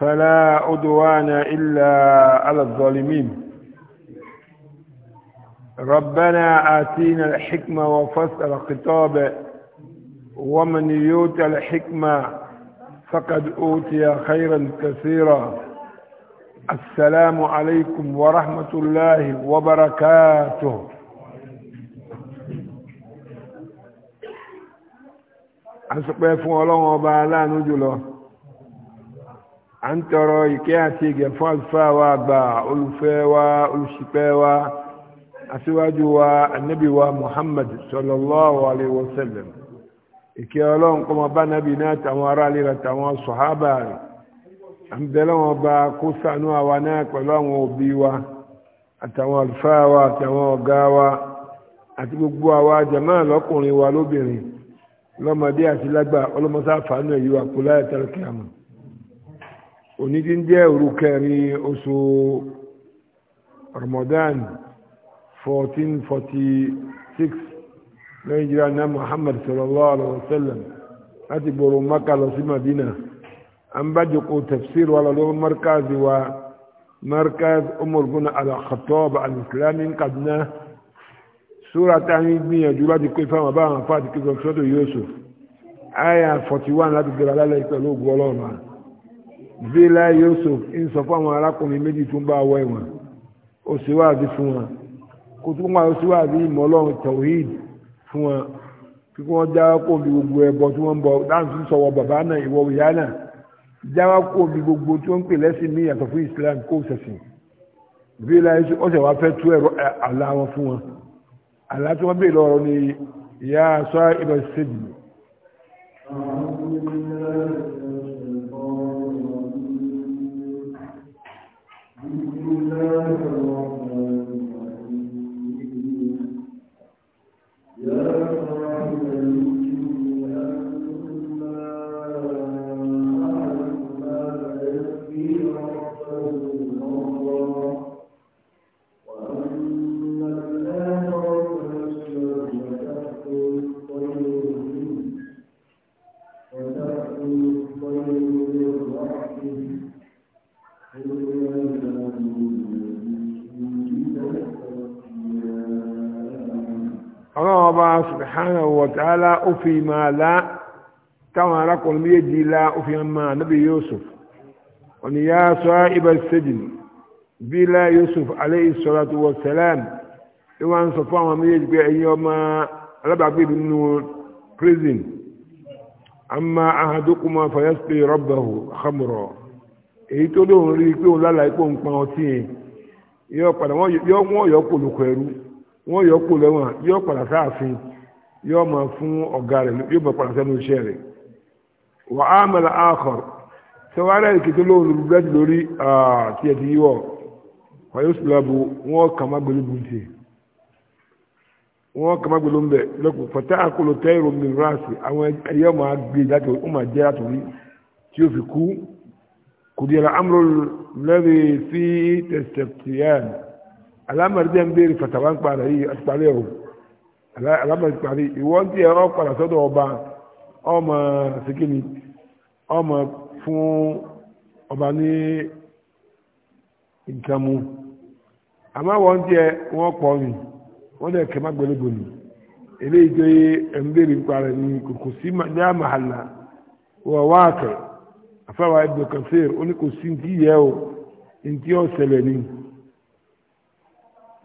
فلا عدوان إلا على الظالمين ربنا آتينا الحكمة وفصل الخطاب ومن يؤت الحكمة فقد أوتي خيرا كثيرا السلام عليكم ورحمة الله وبركاته أسقف ولو وبعلان جلوه à ń tọrọ ìkẹ́ àti ìgẹ̀ fún àlùfáà wa àgbà olùfẹ́ wa olùṣìpẹ̀ wa aṣíwájú wa ànábì wa Muhammad sallallahu alayhi wa sallam ìkẹ́ ọlọ́run kọ́mọ bá nábì náà tàwọn aráàlú rẹ̀ tàwọn sọ̀hábà rẹ̀ à ń bẹ̀rẹ̀ wọn bá kó sànú àwa náà pẹ̀lú àwọn òbí wa àtàwọn àlùfáà wa àtàwọn ọ̀gá wa àti gbogbo àwa jàmáà lọ́kùnrin wa lóbìnrin lọ́mọdé àti lágbà ọlọ́mọsáfàánù ẹ̀yí wa kò láyà tẹ́lẹ̀ onídìí jẹ́ òru kẹrin oṣù Ramadan 1446 lẹ́yìn jìrà náà Muhammad sallallahu alaihi wasallam láti gbòòrò Maka lọ sí Madina an bá jòkó tafsir wa lọ́wọ́ markazi wa markaz Umar bin al Kaduna sura ta gbìyànjú láti kó ifá wọn bá wọn fà àti kí sọ́dọ̀ Yusuf aya 41 láti gbèrà lálẹ́ pẹ̀lú ògùn vila Yusuf ń sọ fún àwọn arákùnrin méjì tó ń bá wọ ìwọ̀n ó sì wáàbí fún wọn kó tó ń wá ó sì wáàbí ìmọ̀ ọlọ́run tawhid fún wọn kí wọ́n já kó bí gbogbo ẹbọ tí wọ́n ń bọ láti ń sọ̀wọ́ bàbá náà ìwọ ìyá náà já kó bí gbogbo tí wọ́n ń pè lẹ́sìn ní yàtọ̀ fún Islam kó sẹ̀sìn vila Yusuf ó sì wá fẹ́ tú ẹ̀rọ àlá wọn fún wọn àlá tí wọ́n bèèrè lọ́rọ̀ ni ìyá sọ́ ibà ṣèjì. ويقول ọba subhanahu wa ta'ala ó fi máa lá táwọn arákùnrin méjì lá ó fi máa nábì Yusuf òní yá sọ ibà sẹ́jìn bílá Yusuf alayhi salatu wa salam ni wọ́n ń sọ fún àwọn méjì pé ẹ̀yin ọmọ alábàágbé nínú prison amma ahadukuma fayaspe rabbahu khamra èyí tó lóun rí i pé òun lálàá ipò ń pa ọtí yẹn yọ padà wọn yọ kó lóko ẹrú wọ́n yọ kó lẹ́wọ̀n yọ padà sáàfin yọ máa fún ọ̀gá rẹ̀ yóò bá padà sẹ́nu iṣẹ́ rẹ̀ wà á mẹ́la áàkọ̀ sẹ́wárẹ́ ìkìtì lóhùn lùgbẹ́dì lórí tiẹ̀ ti yíwọ̀ wà yóò sùlọ bu wọ́n kà má gbélé bùntì wọ́n kà má gbélé bẹ̀ lọ́kù fọ́tẹ́ àkọlù tẹ́rù mi ráàsì àwọn ẹyẹ máa gbé láti ó máa jẹ́ láti tí ó fi kú kùdìyàrá amúlò lẹ́rìí sí tẹ̀sítẹ̀sítẹ̀ alámọ̀rí jẹ́ ń béèrè fàtàwá ń pa rẹ̀ yìí àti parí ẹ̀rù alámọ̀rí parí ìwọ́n ti ẹ̀rọ padà sọ́dọ̀ ọba ọmọ sikini ọmọ fún ọba ní ìtàmú àmọ́ wọ́n ti ẹ̀ wọ́n pọ̀ ni wọ́n dẹ̀ kẹ́ má gbẹ́lẹ́gbò ni eléyìí tó yẹ ẹ̀ ń béèrè ní kò sí ní àmàhàlà wọ́n wá àkẹ́ àfẹ́wà Ibn ó ní kò sí ní yẹ o ní ti ọ̀ ni.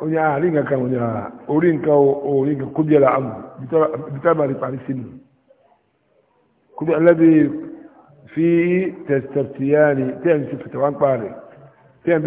onye agha rí nǹkan onye agha orí nǹkan orí nǹkan kó bíẹ́lá àmù bítàmà rí parí sínú kó bí alábi fi tẹ̀sítẹ̀tìyàní tí a ń sèpètè wá ń parí tí a ń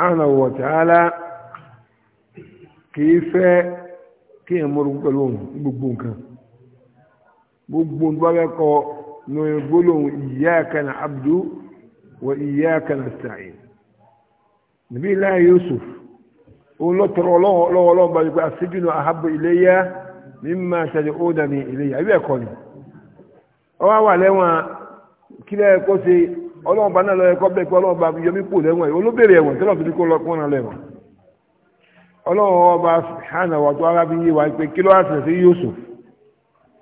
subhanahu wa ta'ala kìí fẹ́ kí ẹ̀ mọ́rún pẹ̀lú gbogbo nǹkan gbogbo ń bá kọ́ na gbólóhùn iyyaka wa iyyaka nasta'in nàbí ilá Yusuf òun lọ tọrọ lọ́wọ́ lọ́wọ́ bá wípé àṣíjúnú ahabbu ilayya mimma tad'udani ilayya ẹ̀kọ́ ni ọwọ́ wà lẹ́wọ̀n kílẹ̀ kó ṣe ọlọ́run bá náà lọ ẹ̀kọ́ bẹ́ẹ̀ pé ọlọ́run bá fi yọmí pò lẹ́wọ̀n yìí olóbèrè ẹ̀wọ̀n tẹ́lọ̀ fi ní kó lọ kó náà lẹ́wọ̀n ọlọ́run ọba hàn àwọn tó ara fi yé wa pé kí ló wá sẹ̀ sí Yusuf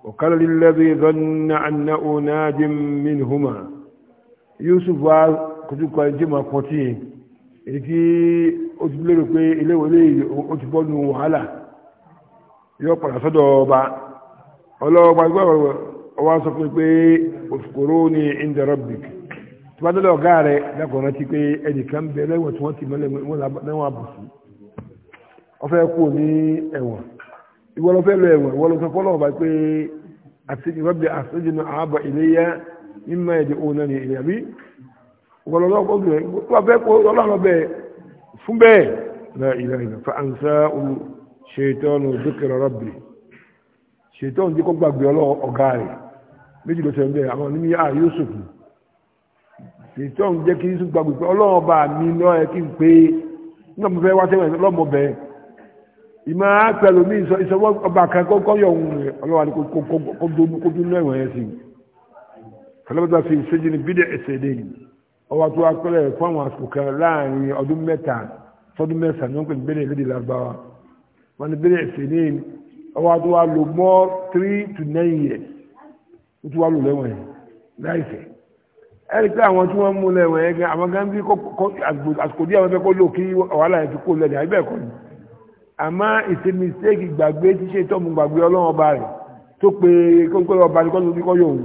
ọ̀kan lílẹ́bí ìdánná àná òun àjẹ mímú hùmà Yusuf wa kojú kọ ẹni tí kọ tí yẹn èyí tí ó ti lérò pé iléwọlé ó ti bọ́ nu wàhálà yóò padà sọ́dọ̀ ọba ọlọ́run ọba gbọ́dọ̀ sọ fún mi pé òfìkòrò ní inda tí wọ́n dọ́lẹ̀ ọ̀gá rẹ̀ lẹ́kọ̀ọ́ rántí pé ẹnìkan bẹ lẹ́wọ̀n tí ti mọ́lẹ̀ lẹ́wọ̀n àbùsù ọfẹ́ kú ní ẹ̀wọ̀n ìwọ ló fẹ́ lọ ẹ̀wọ̀n ìwọ ló na fọ́lọ́ ọba pé àti ìrọ́bì àṣejìnà ni ìléyà mímọ ẹ̀dẹ̀ òun fa ansa olu ìtọ́ ń jẹ́ kí yusuf gbàgbé pé ọlọ́run ọba mi lọ́ ẹ kí n pé nígbà mo fẹ́ wá sẹ́wọ̀n ọlọ́mọ bẹ ìmọ̀ àpẹẹrẹ mi ìsọwọ́ ọba kan kọ́kọ́ yọ ohun rẹ̀ ọlọ́wà ní kó dúró ẹ̀wọ̀n yẹn sí i fi ṣéjì ní bídẹ̀ ẹ̀sẹ̀ dé yìí ọwọ́ tó wá pẹ́rẹ́ fún àwọn àsìkò kan láàrin ọdún mẹ́ta sọdún mẹ́sàn-án ló pè ní bídẹ̀ lédè lágbára wọn ní bídẹ̀ ẹ̀sẹ̀ dé yìí ọwọ́ tó wá lò mọ́ three to nine years ó tó wá lò lẹ́wọ̀n yẹn láìsẹ̀ ẹni pé àwọn tí wọ́n mú lẹ́wọ̀n yẹn gan àwọn gan bí àsìkò díẹ̀ wọn fẹ́ kó lò kí wàhálà yẹn fi kó lẹ́nu àbí bẹ́ẹ̀ kọ́ ni àmọ́ ìṣe mistake gbàgbé tí ṣe tọ́mù gbàgbé ọlọ́run ọba rẹ̀ tó pé kóńkó ọba ní kọ́ńtò kíkọ́ yòówù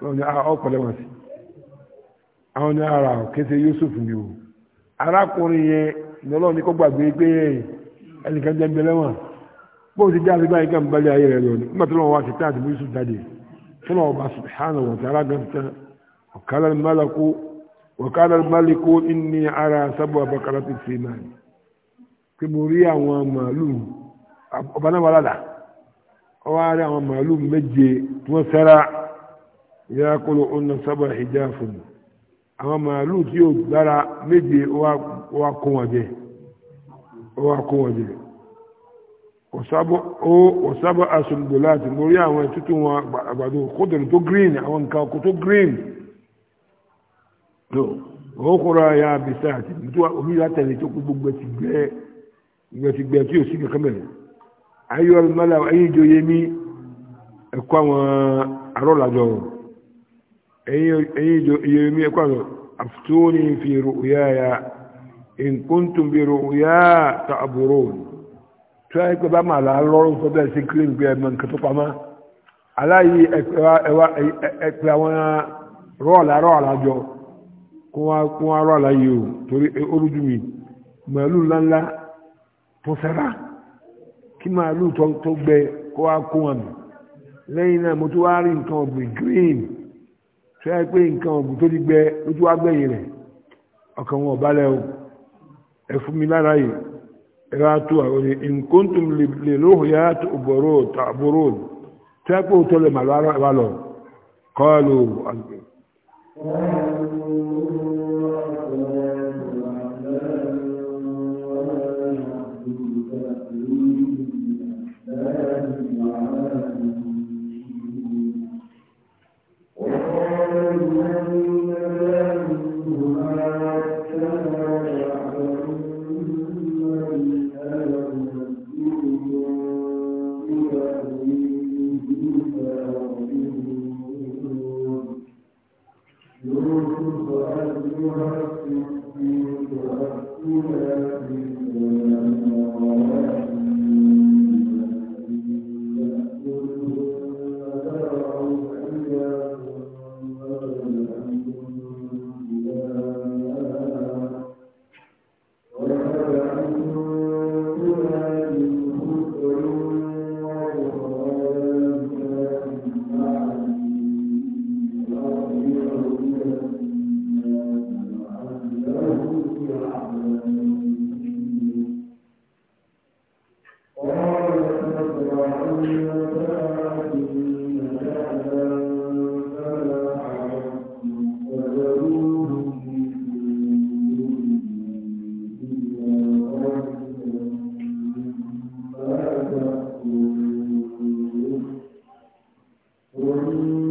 lọ́wọ́ ni ọ̀pọ̀lẹ́ ah, wọn sí àwọn ní ara kése Yusuf ni o arákùnrin yẹn ní ọlọ́run ní kó gbàgbé pé ẹnìkan jẹ́ nbẹ lẹ́wọ̀n وقال الملك وقال الملك إني أرى سبع بقرات سمان كبري àwọn màálù ọba náà wà ládà ó wá rí àwọn màálù méje tí wọ́n sára ìyá kọlu ọ̀nà sábà ìjà fún àwọn màálù tí yóò gbára méje ó wá kó wọn jẹ ó wá kó wọn jẹ ọ̀sábọ̀ àṣùgbò láti mo rí àwọn ètùtù wọn àgbàdo kódòrò tó green àwọn nǹkan ọkọ̀ tó green. tó o a ya bisa àti omi tó kó gbogbo ti gbẹ ti gbẹ tí o sì kankan mẹ́rin ayé ọ̀rọ̀ mọ́lá ẹ̀yin ìjọ yẹmi ẹ̀kọ́ àwọn arọ́làjọ ẹ̀yin ìjọ yẹmi ẹ̀kọ́ àwọn aftuni fi ru'yaya in kuntum bi ru'ya ta'burun tó ayé pé bá màlá lọ́rùn tó bẹ́ẹ̀ sí kílíìn gbé ẹ̀mọ aláyé àwọn rọ́ọ̀lá rọ́ọ̀lá jọ. kún arọ́ àlàyé o torí orújú mi màálù ńláńlá tó sẹ́rà kí màálù tó gbẹ kó wá kún àmì lẹ́yìn náà mo tún wá rí nǹkan ọ̀gbìn green tó yẹ pé nǹkan ọ̀gbìn tó ti gbẹ ló tún wá gbẹ̀yìn rẹ̀ ọkàn wọn ọ̀bálẹ̀ o ẹ fún mi lára yìí ẹ̀rọ àtò àwọn ìkóńtùm lè lóhùn yàrá tó bọ̀rọ̀ tó yẹ pé ó tọ́lẹ̀ màálù ara ẹ̀ wá lọ kọ́ ẹ lò Thank you. Thank you.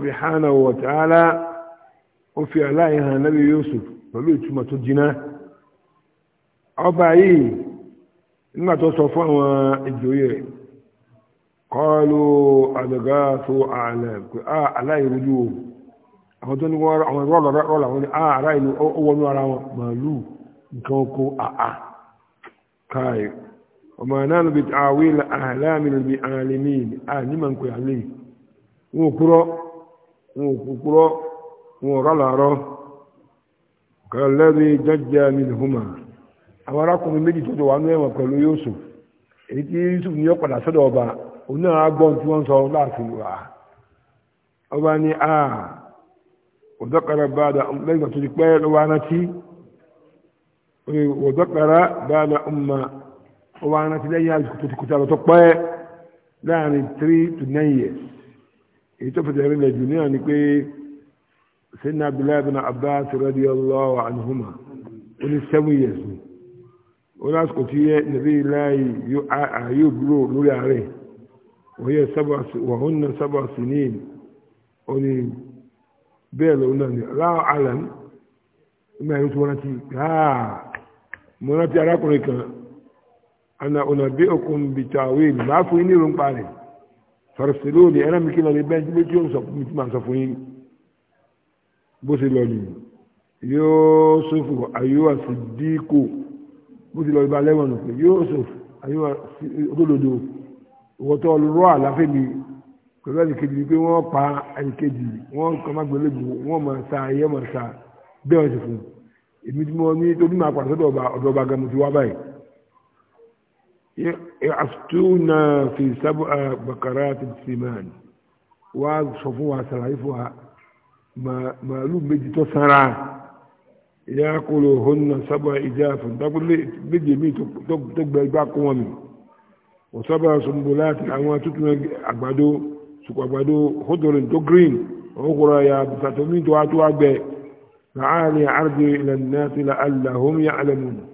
subhanahu wa ta'ala o fi aláìhàn nábì Yusuf pẹ̀lú ìtumọ̀ tó jiná ọba yìí nígbà tó sọ fún àwọn ìjòyè kọlu adagaaso alẹ pé a ah, aláìrojú o àwọn tó ní wọn àwọn àwọn a ará ó wọnú ara wọn màálù nǹkan oko àá káyọ ọmọ náà ló bi tàwí bi àhàlẹ́mí à ní màá ń pè wọn ò wọn ò kúkúrọ́ wọn ò rálàárọ́ kẹlẹ́rì jẹ́jẹ́ mílíọ̀nù àwọn arákùnrin méjì tó jọ wà ní ẹ̀wọ̀n pẹ̀lú Yusuf èyí tí Yusuf ní ọ̀padà sọ́dọ̀ ọba ọba ní a òdọ́kara báadà um- lẹ́yìn tó ti pẹ́ lọ́wọ́ èyí tó fẹsẹ̀ rìn lẹ́jù náà ni pé sẹ́ni abdullahi bin abbas radiyallahu anhuma ó ní seven years ni ó lásìkò tí yẹ nàbí láàyè yóò búrò lórí ààrẹ wọ́n yẹ wọ́n na sábà sí ní ìlú ó ní bẹ́ẹ̀ lọ́wọ́ náà ni láwọn àlàn ìmọ̀ ẹ̀rọ tí wọ́n rántí gáà mo rántí arákùnrin kan ana ọ̀nà bí okùn bìtàwé máa fún yín ní ìrùn parẹ́ farisilóni ẹran mi kí lọ lè bẹ́ẹ̀ tí méjì yóò máa sọ fún yín bó ṣe lọ nìyí yóòsùfù àyíwá sídíkù bó ti lọ ibà lẹ́wọ̀n nù pé yóòsùfù àyíwá olódodo ìwọ́tọ́ rọ́ àláfẹ́ mi pẹ̀lú ẹnìkejì ni pé wọ́n pa ẹnìkejì wọ́n kàn má gbélébù wọ́n máa sa ẹyẹ máa sa bẹ́ẹ̀ ọ̀sẹ̀ fún èmi tí mo ní tó ní máa pàṣẹ ọ̀dọ̀ ọba gan mo ti wá báyìí افتونا في سبع بقرات السمان وصفوها سلعفها ما معلوم بيجي تسرع ياكلهن سبع اجاف تقول بيجي مي تقبل باكم ومن وسبع سنبلات الاوان تتنا اغبادو سوق اغبادو خضر تو جرين اخرى يا بتاتمين تو اتو اغبى معاني عرضي الى الناس لعلهم يعلمون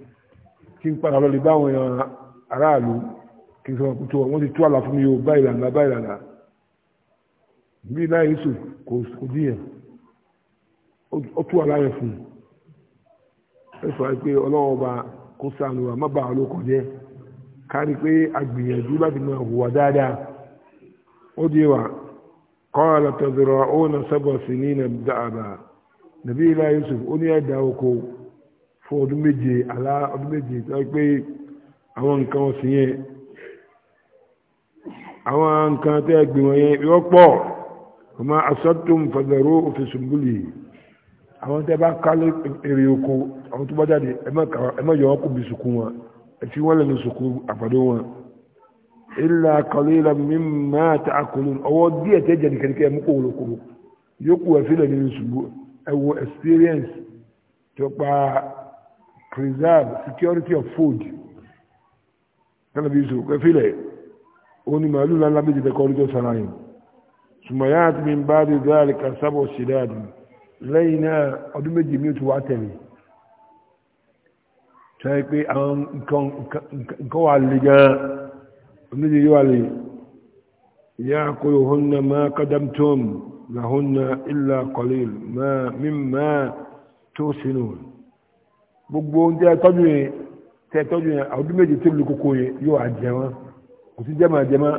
كيف قالوا لي باو يا aráàlú kí n sọ pé tó wọ́n ti tú àlà fún mi o báyìí lànà báyìí lànà bí náà yéṣu kò kò díyàn ó tú àlà yẹn fún un ẹ sọ pé ọlọ́wọ́ bá kó sànù wa má bàa lóko jẹ́ kárí pé agbìyànjú láti máa hùwà dáadáa ó di wa kọ́ọ̀lá tọ̀dọ̀rọ̀ ó na sábà sí ní nàbdà àbà nàbí ilá yusuf ó ní ẹ̀dá oko fún ọdún méje alá ọdún méje tó pé àwọn nǹkan ọ̀sìn yẹn àwọn nǹkan tẹ́ gbìn wọ̀nyẹn yọ pọ̀ ọmọ asọ́tún fọ̀dọ̀rọ̀ òfin sùnbùlì àwọn tẹ́ bá kálé èrè oko àwọn tó bá jáde ẹ má yọ ọkùn bí sùkú wọn ẹ fi wọ́n lẹ́nu sùkú àgbàdo wọn. ilà kọ́lé la mi máa ta àkọlù ọwọ́ díẹ̀ tẹ́ jẹ́ nìkan kẹ́ kó wọlé kúrò yókù ẹ fi lẹ́ nínú experience tó pa preserve security of food tẹ́lẹ̀ bí oni màálù lánlá méjì bẹ́ẹ̀ kọ́ lójó sara yìí sùmọ̀yà àti mi bá di dáàlì kan sábọ̀ sílẹ̀ àdì lẹ́yìn náà ọdún méjì mi tún wá tẹ̀lé sọ́yẹ́ pé àwọn nǹkan nǹkan wà lè gan onídìí yóò wà lè yá kóyò hónà má kádàmtóm làhónà ìlà kọlíl má mímá tó sínú gbogbo oúnjẹ tọ́jú yẹn tẹ́ tọ́jú yẹn ọdún méjì tó lè kókó yẹn yóò àjẹ wọn kò sí jẹ́mà jẹ́mà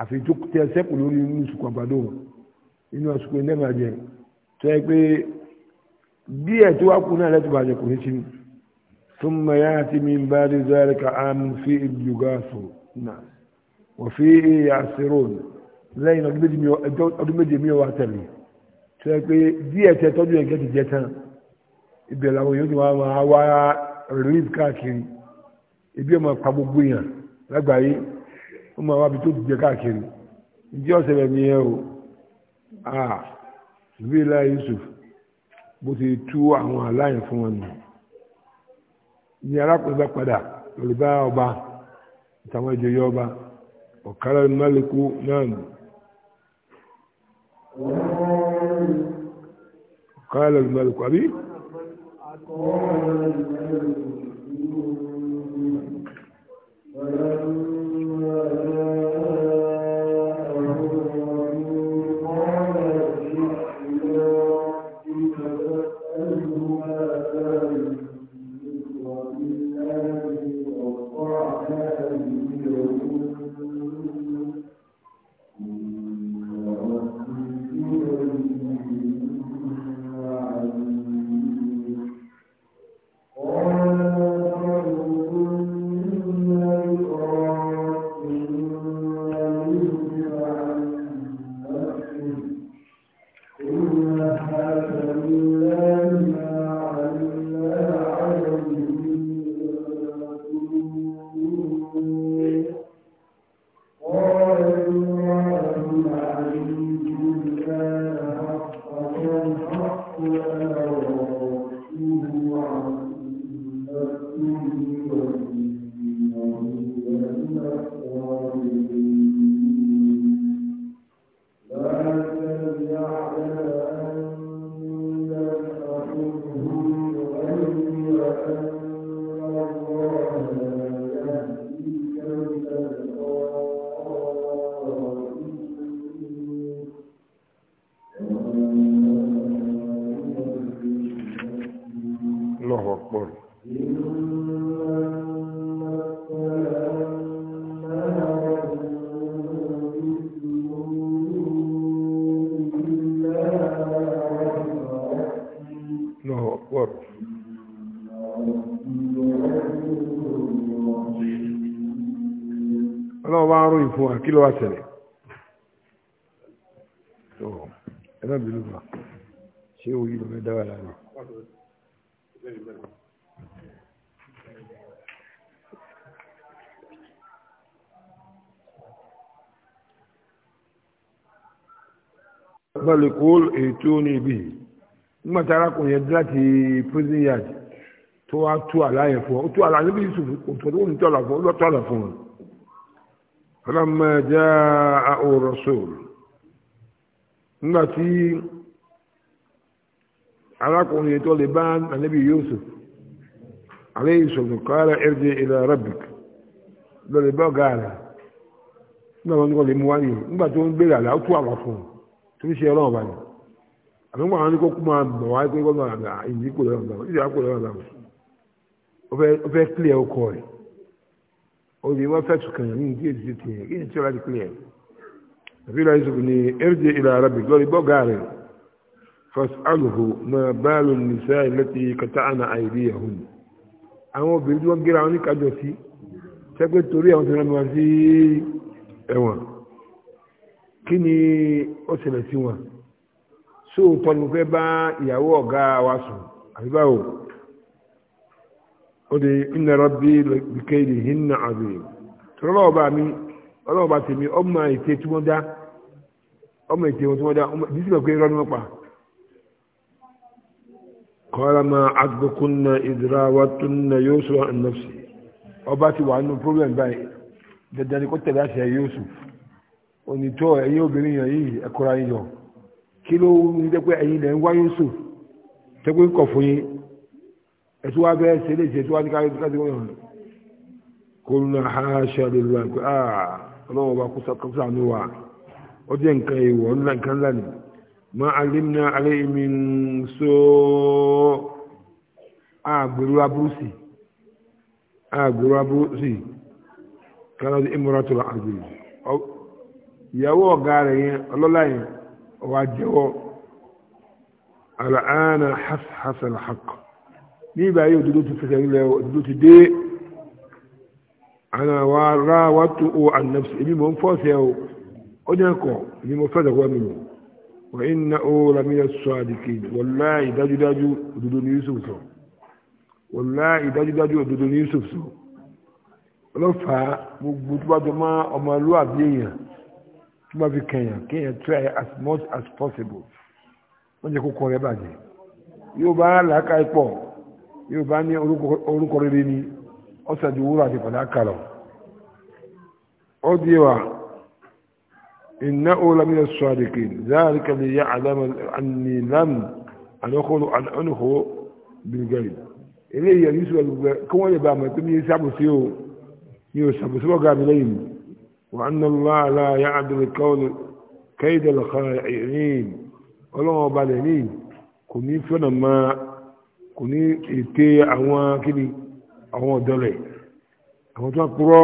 àfi tó tẹ sẹ́kù lórí inú sùkú àgbàdo inú àsùkú ilé máa jẹ tó yẹ pé díẹ̀ tó wá kú náà lẹ́tọ̀ bàjẹ́ kò ní sinmi tó ń mọ yára tí mi ń bá dé zọ́ọ́rẹ́ ká á mú fi ìlúgà sọ náà wọ́n fi àṣírò lẹ́yìn ọdún méje mi wá tẹ̀lé tó yẹ pé díẹ̀ tẹ tọ́jú ẹ̀gẹ́ ti jẹ tán ibẹ̀ làwọn yóò ti wá wá rìlíf káàkiri ibi ọmọ pa gbogbo yàn lágbàáyé ó máa wá bí tó gbẹ káàkiri ìjẹ́ ọ̀sẹ̀ rẹ̀ nìyẹn o ah zubila yusuf bó ti tú àwọn aláyẹ̀ fún wọn nù ní arákùnrin bá padà lórí bá ọba ìtàwọn ìjòyè ọba ọ̀kárá málẹ́kù náà nù. ọ̀kárá málẹ́kù àbí. kí ló wá ṣẹlẹ̀ tó ẹ má bínú fa ṣé òye ló fẹ́ dá wà lánàá. bali kóòlù ètò ní ibi nígbà tí arákùnrin yẹn dé láti prison yard tó wá tú àlá yẹn fún ọ ó tú àlá níbi Yusuf kò tó ní tó àlá fún ọ ó fún ọ. فلما جاء الرسول نبتي علاقون يتولبان النبي يوسف عليه السلام قال ارجع إلى ربك lọ́lẹ̀bọ́ gààrà náà wọ́n ní wọ́n lè mú wáyé nígbà tó ń béèrè àlà ó tú àwà fún un tó ń ṣe ọlọ́run bá ní àmì wọn ní kó kú máa bọ̀ wáyé pé wọ́n máa gbà ìdí kò lọ́rùn bá wọn ìdí àkó lọ́rùn bá wọn ó fẹ́ kílẹ̀ ọkọ rẹ̀ ودي ما فاتك من دي زيتي إيه ترى الكلية ربنا يزبني ارجع إلى ربك قولي بوغاري فاسأله ما بال النساء التي قطعنا أيديهن أما بيرجو غير عني كاجوتي تكو توري أو تنا موازي إيوا kíni ó ṣẹlẹ̀ sí wọn sóòótọ́ ni mo fẹ́ bá ìyàwó ọ̀gá wa sùn àbí báwo ó di inna rabbi bìkéyìdì hinna azim tọ́lọ́wọ́ bá mi ọlọ́wọ́ bá tèmi ọmọ ètè tí wọ́n dá ọmọ ètè tí wọ́n dá bísí bẹ̀ pé irọ́ ni wọ́n pa. qala ma adbukunna yusuf an nafsi ọba ti wa nínú problem báyìí dandan ni kò tẹ̀lé àṣẹ yusuf yusuf ẹtí wá bẹ́ẹ̀ ṣe lè ṣe tí wá ní káyọ̀ káyọ̀ wọ́n hàn kó ń ha ṣàlẹ̀ lọ àgbẹ̀ aa ah, ọlọ́wọ́ bá kó wa ó jẹ́ nǹkan ìwọ̀ ńlá nǹkan ńlá ni ma alimna alayhi so àgbèrú abúrúsì àgbèrú abúrúsì kára ní imratul aziz ìyàwó ọ̀gá rẹ̀ yẹn ọlọ́lá yẹn ọwọ́ ní ìgbà yìí òdodo ti fẹsẹ̀ ńlẹ̀ òdodo ti dé àwọn àwa ra wa tó o ànàfsì èmi mò ń fọ́ọ̀sẹ̀ o ó jẹ́ kọ̀ èmi mo fẹ́sẹ̀ wọ́n mi nù wà á iná o lamina sọ àdìkì wọlá ìdájúdájú òdodo ní Yusuf sọ wọlá ìdájúdájú òdodo ní Yusuf sọ ọlọ́fàá gbogbo tó bá jọ mọ́ ọmọlúwàbí èèyàn tó bá fi kẹyàn kéèyàn try as much as possible wọ́n jẹ́ kó kọ́ rẹ bàjẹ́ yóò bá làákàá pọ̀ yóò bá ní orúkọ rere ni ọ̀sẹ̀ ju wúrà àti fàdákà lọ. ó di wa iná olamina sọ́ọ̀dìkì záàríkà lè yá àdámà àní lámù àdókòlù àdókò bìlgẹ̀rì. eléyìí yẹn yusuf àgbègbè kí wọ́n lè bá àmọ́ pé mi sábòsí o mi ò sábòsí wọ́n gàmí lẹ́yìn mi. وأن الله لا يعدل القول كيد الخائعين ọlọ́wọ́n ọba lẹ́yìn kò ní fẹ́ràn kò ní ète àwọn kíni àwọn ọ̀dọ́lẹ̀ àwọn tó ń purọ́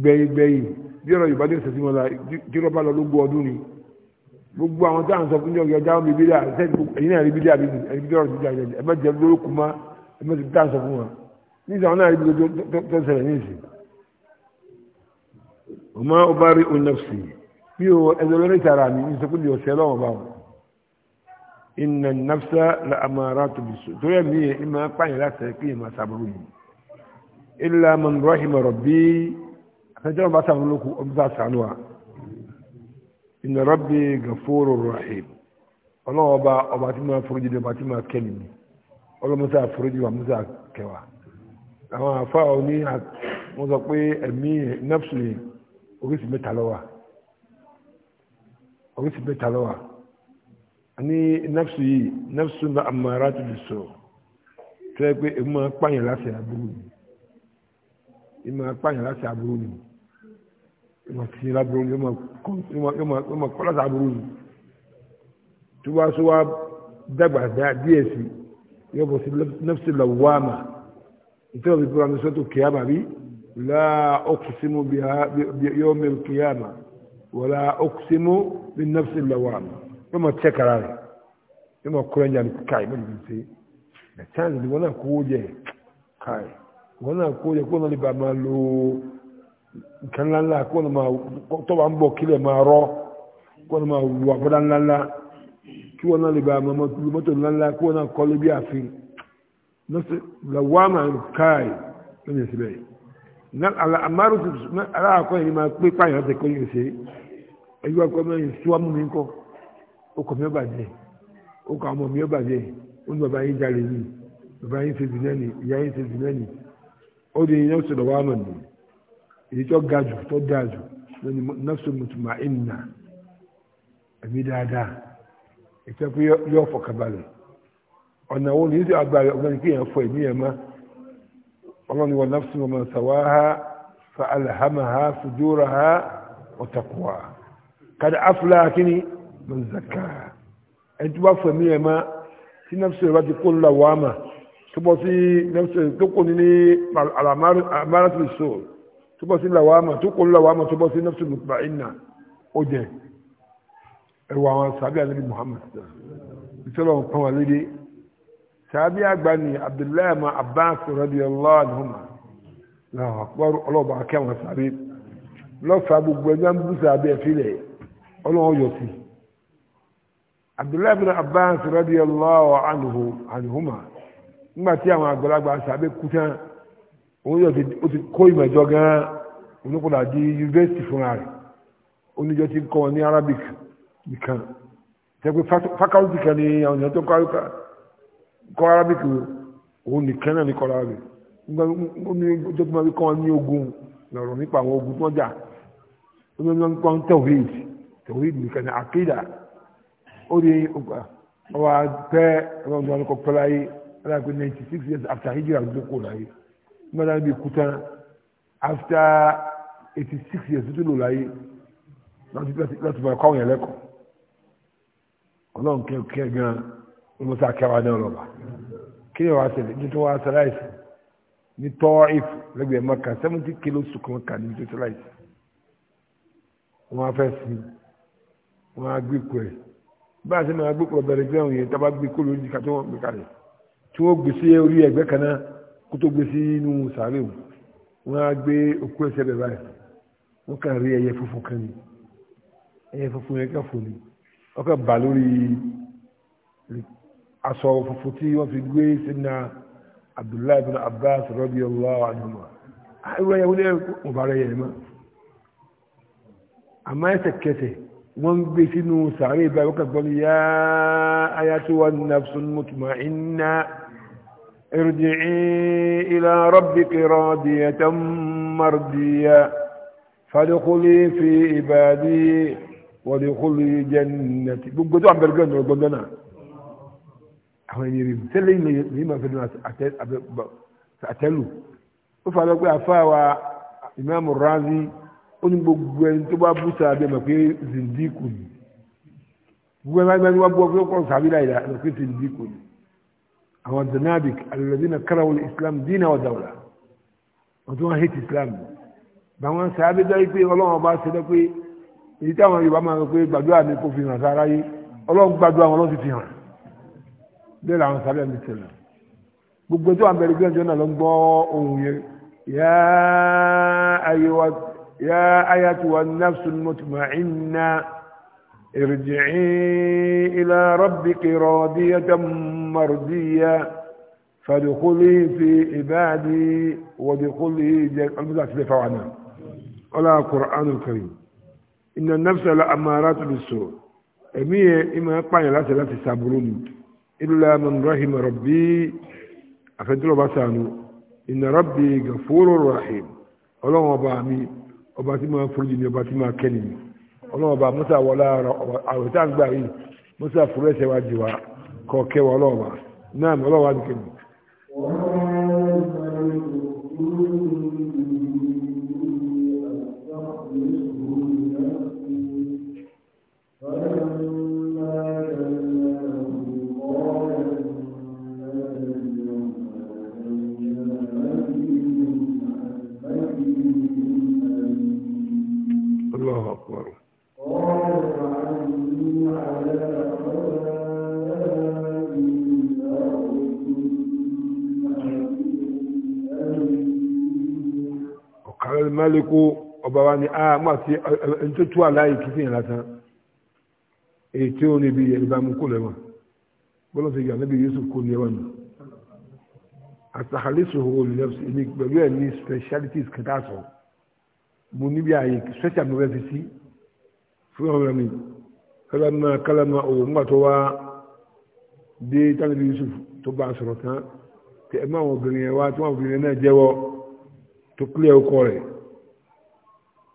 gbẹ̀yìngbẹ̀yìn bí ọ̀rọ̀ yorùbá dé sẹ́sìn wọn la jíròbá lọ ló gbọ́ ọdún ni gbogbo àwọn táwọn sọ fún yọ̀ọ̀yọ̀ dáhùn bíi bídà ẹ̀yin náà rí bídà àbí ẹ̀yin bídà ọ̀rọ̀ bídà ẹ̀jẹ̀ ẹ̀ má má ẹ̀ má ti sọ fún wọn nígbà wọn náà rí bídà tó ṣẹlẹ̀ ní ìsìn. ọmọ ọba rí onafsi bí o ẹ̀dọ̀ lórí ìtara mi ní sọ pé mi ò sẹ́ lọ́wọ́ báwọn inna nafsa la amaratu bisu to ya mi ima pààyàn láti ẹ̀kí ìmọ̀ sàbúrú yìí illa man rahima rabbi àtẹ́jọ́ bá sàbúrú lókù ọmọdé sànúwà inna rabbi gafuru rahim ọlọ́wọ́ bá ọba tí máa forójì ní ọba tí máa kẹ́lì ní ọlọ́mọsá forójì wà mọ́sá kẹwà àwọn afá òní wọ́n sọ pé ẹ̀mí nafsu oríṣi mẹ́ta ló wà oríṣi mẹ́ta ló wà ní nafsu yìí nafsu na amara ti di so tó yẹ pé èmi máa pààyàn láti aburú mi èmi máa pààyàn láti aburú mi èmi máa tìyàn láburú mi èmi máa kọ́ láti aburú mi tó bá so wá dàgbà díẹ̀ sí yóò bọ̀ sí nafsu lawama ìtọ́wọ́ bí bíra mi sọ́tò kìyàmà bí la aqsimu bi yawmil qiyamah wala aqsimu bi nafsi lawama yóò mọ̀ tẹ́ kara rẹ̀ yóò mọ̀ kúrẹ́ ní àlùkò káì mọ̀ níbi ṣe ẹ̀ chance ni wọ́n náà kó jẹ káì wọ́n náà kó jẹ kó náà lè ba máa lo nǹkan ńláńlá kó náà máa tó bá ń bọ̀ kílẹ̀ máa rọ́ kó náà máa wù àbọ̀dá ńláńlá kí wọ́n náà lè ba máa lu mọ́tò ńláńlá kó náà kọ́ lé àfin lọ́sẹ̀ làwọn àmà káì lọ́nyẹ̀ síbẹ̀ yìí àmàrò tuntun aláàkọ́ yìí máa pé pààyàn àti ẹ̀kọ́ yìí ṣe ẹ̀yọ́ ẹ̀kọ́ mẹ́rin síwájú mi ń ọkọ mi ó bàjẹ́ ọkọ àwọn ọmọ mi ó bàjẹ́ ó ní bàbá yín jalè ni bàbá yín ṣe dùnẹ́ ni ìyá yín ṣe dùnẹ́ ni ó di yín sọ̀rọ̀ wá mọ̀ ni èyí tó ga jù tó dáa jù lónìí nọ́ọ̀sì mùtùmá ìnà ẹ̀mí dáadáa ìtẹ́ pé yóò fọkàbalẹ̀ ọ̀nà wo ni yóò ti agbára ọ̀gbẹ́ni kí èèyàn fọ ẹ̀mí ẹ̀ má ọlọ́ni wọn nọ́ọ̀sì mọ̀mọ́ sàwáhá fa alhamaha fujuraha wa taqwa kad afla kini man zakkaha ẹni tí wàá fẹ̀mí ẹ̀ má tí nafsi rẹ̀ bá ti kó lọ wàá mà tó bọ́ sí nafsi rẹ̀ tó kò ní ní alamaratul soul tó bọ́ sí làwàmà tó kò lọ wàá mà tó bọ́ sí nafsi mutma'inna ó jẹ ẹ̀rọ àwọn sàbí àlẹ́bí Muhammad ìṣẹ́lẹ̀ ọ̀pọ̀ wà lédè sàbí àgbà ni Abdullahi ma Abbas radiyallahu anhuma làwọn akpọ́rọ̀ ọlọ́ọ̀bà akẹ́wọ̀n sàbí lọ́fà gbogbo ẹgbẹ́ ń bú abdullahi bin abbas radiyallahu anhu anhuma nígbà tí àwọn àgbàlagbà sàbẹ kú tán òun yóò ti kó ìmọ̀ ẹ̀jọ́ gan-an onípadà di yunifásitì fúnra rẹ̀ oníjọ́ ti kọ́ ni arabic nìkan tẹ́gbẹ́ faculty kan ní àwọn èèyàn tó arabic òun nìkan náà ní kọ́ o nígbà tó tó máa fi kọ́ ní ogun lọ́rọ̀ ogun orí ọwà pẹ́ ọlọ́dún ọlọ́kọ̀ pẹ́lá yìí aláàpẹ́ ninety six years after hijira ló kó láyé mẹ́ta níbi kúta after eighty six years tó lò láyé láti bá kọ́ àwọn yẹn lẹ́kọ̀ọ́ ọlọ́run kẹ́kẹ́ gan olùsá kẹwàá náà lọ́ba kí ni wàá ṣẹlẹ̀ ní tó wàá ṣẹlẹ̀ àìsàn ní tọ́ọ̀if lẹ́gbẹ̀ẹ́ maka seventy kilos sukùn kan ní tó ṣẹlẹ̀ àìsàn wọ́n á fẹ́ sí wọ́n á gbé kú ẹ̀ bá a ṣe máa gbé kúrò bẹ̀rẹ̀ gbẹ̀rún yẹn tábà gbé kúrò lórí kàtó wọn gbé kalẹ̀ tí wọ́n gbé sí orí ẹ̀gbẹ́ kan náà kó tó gbé sí inú sàárè wò wọ́n á gbé òkú ẹsẹ̀ bẹ̀ báyìí wọ́n kàn rí ẹyẹ funfun kan ni ẹyẹ funfun yẹn kàn fò ni kàn bà lórí aṣọ funfun tí wọ́n fi gbé sínú Abdullahi ibn Abbas radiyallahu anhu àwọn ah, ẹyẹ wọn ni wọ́n bá rẹ̀ yẹn mọ́ àmọ́ ẹsẹ̀ kẹsẹ̀ wọ́n gbé sínú sàárè bá ìwọ́kà gbọ́n yá ayatuwa nafsun mutma'inna irji'i ila rabbiki radiyatan mardiya fadkhuli fi ibadi wadkhuli jannati gbogbo tó àbẹ̀rẹ̀ gbọ́n náà gbọ́n àwọn ènìyàn tẹ́lẹ̀ ní ìmọ̀ fẹ́ àtẹ́lù ó fà pé àfáà wa Imam Razi ó ní gbogbo ẹni tó bá bú sàbẹ̀ mọ̀ pé zindiku ni gbogbo ẹni bá gbọ́ bú ọkọ̀ sàbí láìda mọ̀ pé zindiku ni àwọn zanabik alladhina karahu islam dina wa dawla wọ́n tún wọ́n hate islam ni báwọn sàbẹ̀ dá pé ọlọ́run ọba ṣe dẹ́ èyí táwọn yorùbá máa ń pè gbàdúrà mi kò fi hàn sára yé ọlọ́run gbàdúrà wọn lọ́sì fi hàn bẹ́ẹ̀ làwọn sàbẹ̀ mi tẹ̀lé يا أيتها النفس المطمئنة ارجعي إلى ربك راضية مرضية فادخلي في عبادي وادخلي جنة ولا قرآن الكريم إن النفس لأمارات بالسوء أمية إما يقعي لا ثلاثة سابرون إلا من رحم ربي أفدلو بسانو إن ربي غفور رحيم ولو أبامي ọba tí máa foríjì ni ọba tí máa kẹ́ni ni ọlọ́run ọba musa wọlá àwẹ̀ tá à ń gbà yìí musa fúrẹ́sẹ̀ wá jì wá kọ́ kẹwàá ọlọ́run ọba náà ọlọ́run wá nìkẹ́ni. ọba wa ni a ah, máa ti eh, eh, eh, ntutu aláyè kí fìyàn lásán èyí tí ó níbi yorùbá mú kó lẹ́wọ̀n bọ́lá ti yà níbi yusuf kó lẹ́wọ̀n nù àtàkàlẹ́sọ̀ olùyẹ̀sọ̀ èmi pẹ̀lú ẹ̀ ní specialities kẹta sọ mo níbi àyè special mi fẹ́ fi sí fún ọ̀rọ̀ mi kálámà kálámà òun nígbà tó wá dé tánàbí yusuf tó bá a sọ̀rọ̀ tán tẹ ẹ má àwọn obìnrin yẹn wá tí wọ́n obìnrin yẹn náà jẹ́wọ́ tó kílẹ̀ ọkọ rẹ̀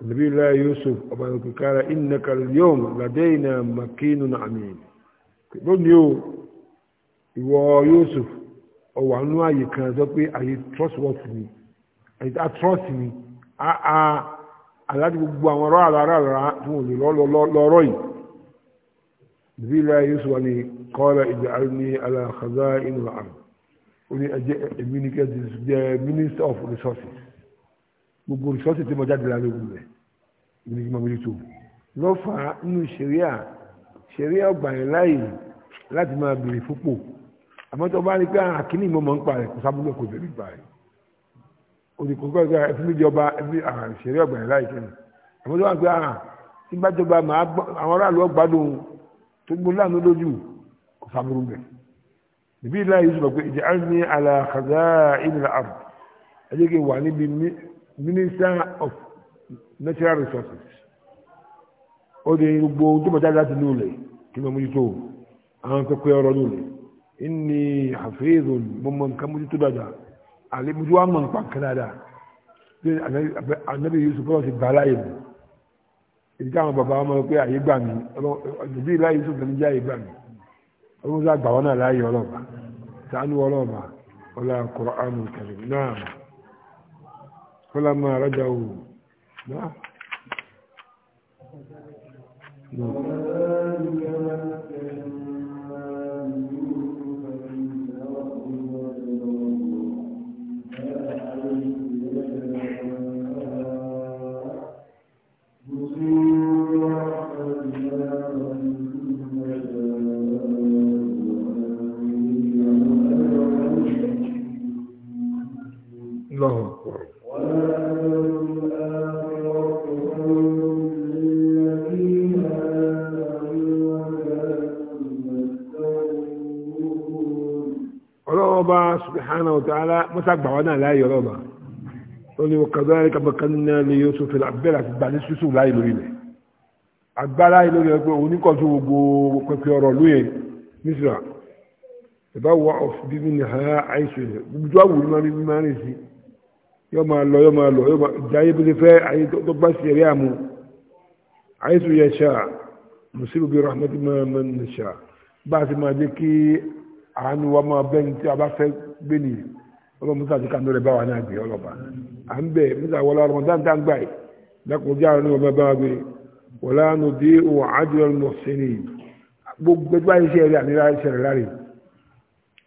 nabi la yusuf ọba yòókù kára iná kàlíyọ́m ládẹ́yìnà makínú na amin lónìí o ìwọ yusuf ọwọ́ àánú àyè kan sọ pé àyè trustworthy ni àyè tá trust ni àà aláàdì gbogbo àwọn ọ̀rọ̀ àlọ́ àlọ́ tí wọ́n lè lọ́rọ̀ yìí nabi la yusuf wà ní kọ́lá ìjà àrùn ní aláàkàzá inú àrùn ó ní minister of resources gbogbo rìsọ́ọ̀tì tí mo jáde lára lórí rẹ̀ ìbí ni mo rí tó lọ́fà nínú ṣẹ̀ríà ṣẹ̀ríà ọgbà yẹn láàyè láti máa bèrè fúpò àmọ́ tó bá rí pé àkíní ìmọ̀ mọ̀ ń pa rẹ̀ kò sábúlọ̀ kò bẹ̀rẹ̀ gbà rẹ̀ olùkọ́kọ́ ìgbà ẹ̀fún mi jọba ṣẹ̀ríà ọgbà yẹn láàyè kẹ́nu àmọ́ tó bá rí pé ah, tí bá tó gbó láàánú minister of natural resources ó de gbogbo ohun tó mọ̀jáde láti ní olè kí ló mójútó àwọn akẹ́kọ̀ọ́ ọ̀rọ̀ ní olè inni hafizun mo mọ nǹkan mójútó dáadáa àlébójú wa mọ̀ nǹkan kan dáadáa bí anabi yusuf bọ́lá ti bá láyè mu èyí táwọn bàbá wa máa ń a àyè gbà mí ọ̀nà bí láyè yusuf lẹ́nu jẹ́ àyè gbà mí ọlọ́run sá gbà wọn náà láyè ọlọ́ọ̀bà sànú ọlọ́ọ̀bà ọlọ́ọ̀kọ̀rọ̀ àmì kẹrin náà. فلما رجعوا لا. لا. subhanahu wa ta'ala mọ́sá gbàwọ́ náà láàyè ọ̀rọ̀ mà ó ní kadhalika makanna li Yusuf abẹ́rẹ́ àti gbà ní Yusuf láàyè lórí rẹ̀ agbára yìí lórí ẹgbẹ́ oníkọ̀tù gbogbo pẹpẹ ọ̀rọ̀ lóye nísìlá ìbá wà ọ̀f bíbí ní ha àìsàn yẹn gbogbo àwọn olùmọ̀ ní mímọ̀ rìn sí yọ máa lọ yọ máa lọ yọ máa jáyé bí fẹ́ ayé tó gbá sí ẹ̀rí àmú àìsàn yẹn ṣá mùsùlùmí rahmatu mahamman ṣá bá a ti máa jẹ́ kí àánú wa máa bẹ́ni tí a bá fẹ́ gbé nìyí ọlọ́ musa ti ká lórí báwa náà gbé ọlọ́ba à ń bẹ̀ musa wọlé ọlọ́mọ dáńtá ń gbà yìí dákun ojú àánú wa bá wa gbé wọlé àánú bí òun àjọ ọmọ sẹ́ni gbogbo ẹgbẹ́ iṣẹ́ rẹ̀ àmì iṣẹ́ rẹ̀ láre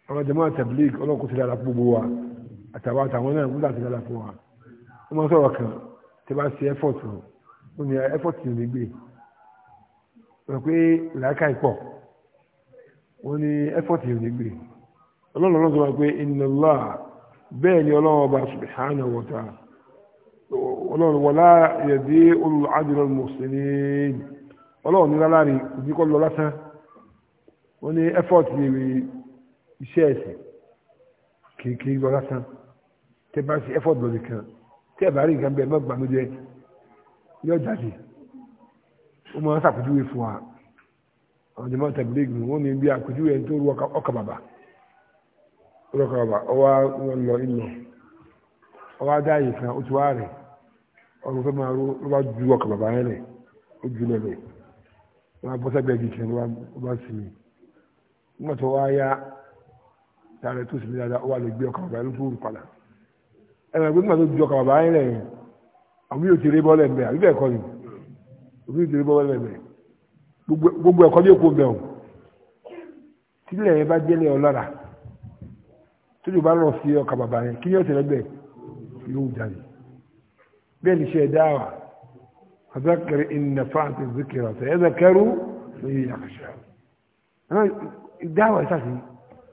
àwọn jama tablig ọlọ́kùn ti dára fún gbogbo wa àtàwọn àtàwọn náà musa ti dára fún wa wọ́n ní effort yìí ò ní gbé ọlọ́run lọ́sọ̀ wá pé inna Allah bẹ́ẹ̀ ni ọlọ́run ọba subhanahu wa ta'ala ọlọ́run wọlá yẹ̀dí olùhàdìrọ̀ mùsùlùmí ọlọ́run ní lálárí òbí kọ́ lọ lásán wọ́n ní effort yìí iṣẹ́ ẹ̀sìn kìkì lọ lásán tẹ́ bá ṣe effort lọ nìkan tẹ́ bá rí nǹkan bẹ́ẹ̀ mọ́ gbàmújẹ yóò jáde ó máa ń ṣàpèjúwe fún wa ọjọmọ tẹbílẹ gbìn wọn ní bí àpèjúwe ya rú ọkababa bàbà rú ọkà bàbà ọwọ wọn lọ ìlọ ọwọ adá yìí kan ó ti wá ju ọkà bàbà yẹn rè ó ju lẹbẹ wọn bọ sẹgbẹ igi kan ló bá sinmi ọkababa gbogbo ẹ̀kọ́ bí òkú bẹ̀ ọ́ tílẹ̀ yẹn bá jẹ́lẹ̀ ọ lára tójú bá rọ̀ sí ọkà bàbá yẹn kí ni ọ̀sẹ̀ lẹ́gbẹ̀ yóò jáde bẹ́ẹ̀ ni ṣe dá wa azakari inna fa'ati zikira sa ya zakaru ne yi yakasha dáwà ìsàsí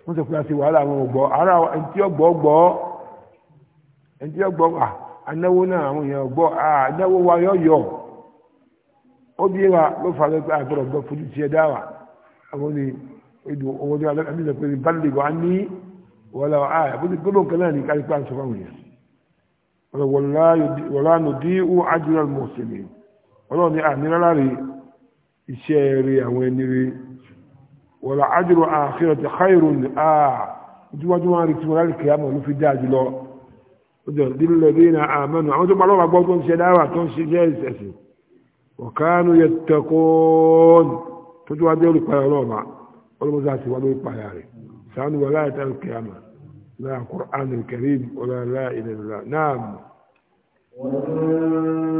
wọ́n sọ pé wàhálà àwọn ọgbọ́ ara ẹni tí ọgbọ́ gbọ́ ọgbọ́ àwọn èèyàn ọgbọ́ anáwó wa yọ yọ ó bí wa ló fà lọ pé àgbọ̀rọ̀ gbọ́ fojú tiẹ̀ dá wa àwọn ni edu owó ní alẹ́ àmì ìlẹ̀kùn ní bálẹ̀ wa ní wọlé wa áyà bó ti gbọ́dọ̀ nǹkan náà ní kárí pé à ń sọ fáwọn yẹn wọlá nù dí ó ájúra mùsùlùmí ọlọ́run ní àmì rárá rè iṣẹ́ rè àwọn ẹni rè wọlá ájúra àkírọ̀ ti káìrò ní a ojúwájú wọn rí tí wọn láti kìí àmọ̀ ló fi dáa jùlọ ó jọ dín lẹ́bí náà àmọ́nù àwọn tó وكانوا يتقون تجوا ديول قيلوما والمزاسي ولو قياري سانوا ولاية القيامة لا قرآن الكريم ولا لا إله إلا الله نعم وَمَا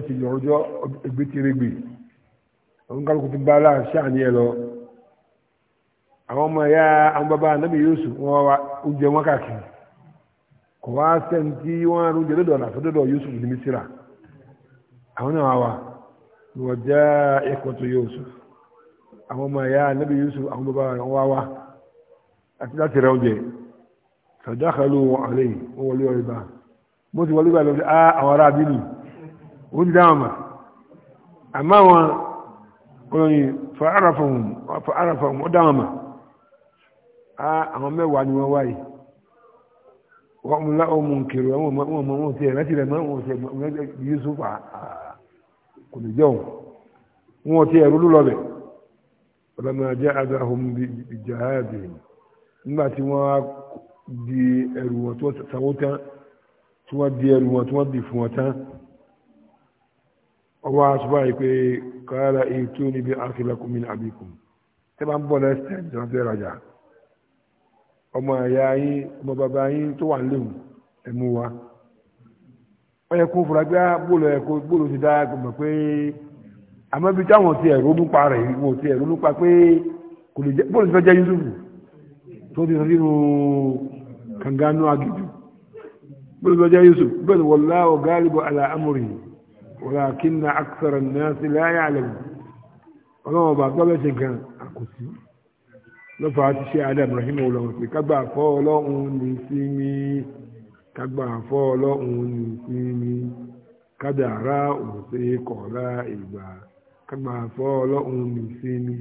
ọjọ́ ti yọ ọjọ́ ìgbétirégbè àwọn kálukú ti bá ẹ lọ àwọn ọmọ ẹ̀yà àwọn anábì Yusuf wọn wá oúnjẹ wọn káàkiri kò wá sẹ́ńtì wọn arú oúnjẹ lọ́dọ̀ Yusuf ní Mísírà àwọn náà wà ẹ̀kọ́ tó Yusuf àwọn ọmọ ẹ̀yà anábì Yusuf àwọn bàbá wọn wá wá àti láti rẹ oúnjẹ sàdákàlù wọn àlẹ́ wọlé ọ̀rẹ́ bá mo ti wọlé bá ah, àwọn ará abínú. ó ti dáhùn mà àmọ́ àwọn olóyin fàárafọ̀hún fàárafọ̀hún ó dáhùn mà á àwọn mẹ́wàá ni wọ́n wáyé wọ́n mú láwọn mú kèrò àwọn ọmọ ọmọ wọn ti ẹ̀rẹ́ tilẹ̀ máa wọn ti ẹ̀rẹ́ Yusuf kò lè jẹun wọn ti ẹ̀rú lọ́bẹ̀ ọlọ́mọ ajá adáhùn ìjà ààbì nígbà tí di ẹrù wọn tí wọ́n sanwó di ẹrù wọn tí di fún ọwọ́ aṣọ́bá yìí pé kọ́lá èyí tó níbi akílẹ̀kùn mi ní àbíkùn tẹ́ bá ń bọ̀ next time tí wọ́n fẹ́ rajà ọmọ ẹ̀yà yín ọmọ bàbá yín tó wà léwu ẹ̀mú wa wọ́n yẹ kó fura gbá ah, bóòlù ẹ̀kọ́ bóòlù ti dá gbọ̀ngàn pé àmọ́ táwọn ti ẹ̀rọ ló pa rẹ̀ wọ́n ti ẹ̀rọ ló pa pé bóòlù ti fẹ́ jẹ́ Yusuf tó ti sọ sínú kàngánú agídù bóòlù ti fẹ́ jẹ́ Yusuf bẹ́ẹ̀ wọ́n lá ọ̀gá ولكن أكثر الناس لا يعلمون ọlọ́wọ́ bá gbọ́ bẹ́sẹ̀ gan àkùsí lọ́fà á ti ṣe adam rahim ọlọ́run pé kágbà fọ́ ọlọ́run ní sinmi kágbà fọ́ ọlọ́run ní sinmi kádàrá òṣè kọ̀ọ̀lá ìgbà kágbà fọ́ ọlọ́run ní sinmi.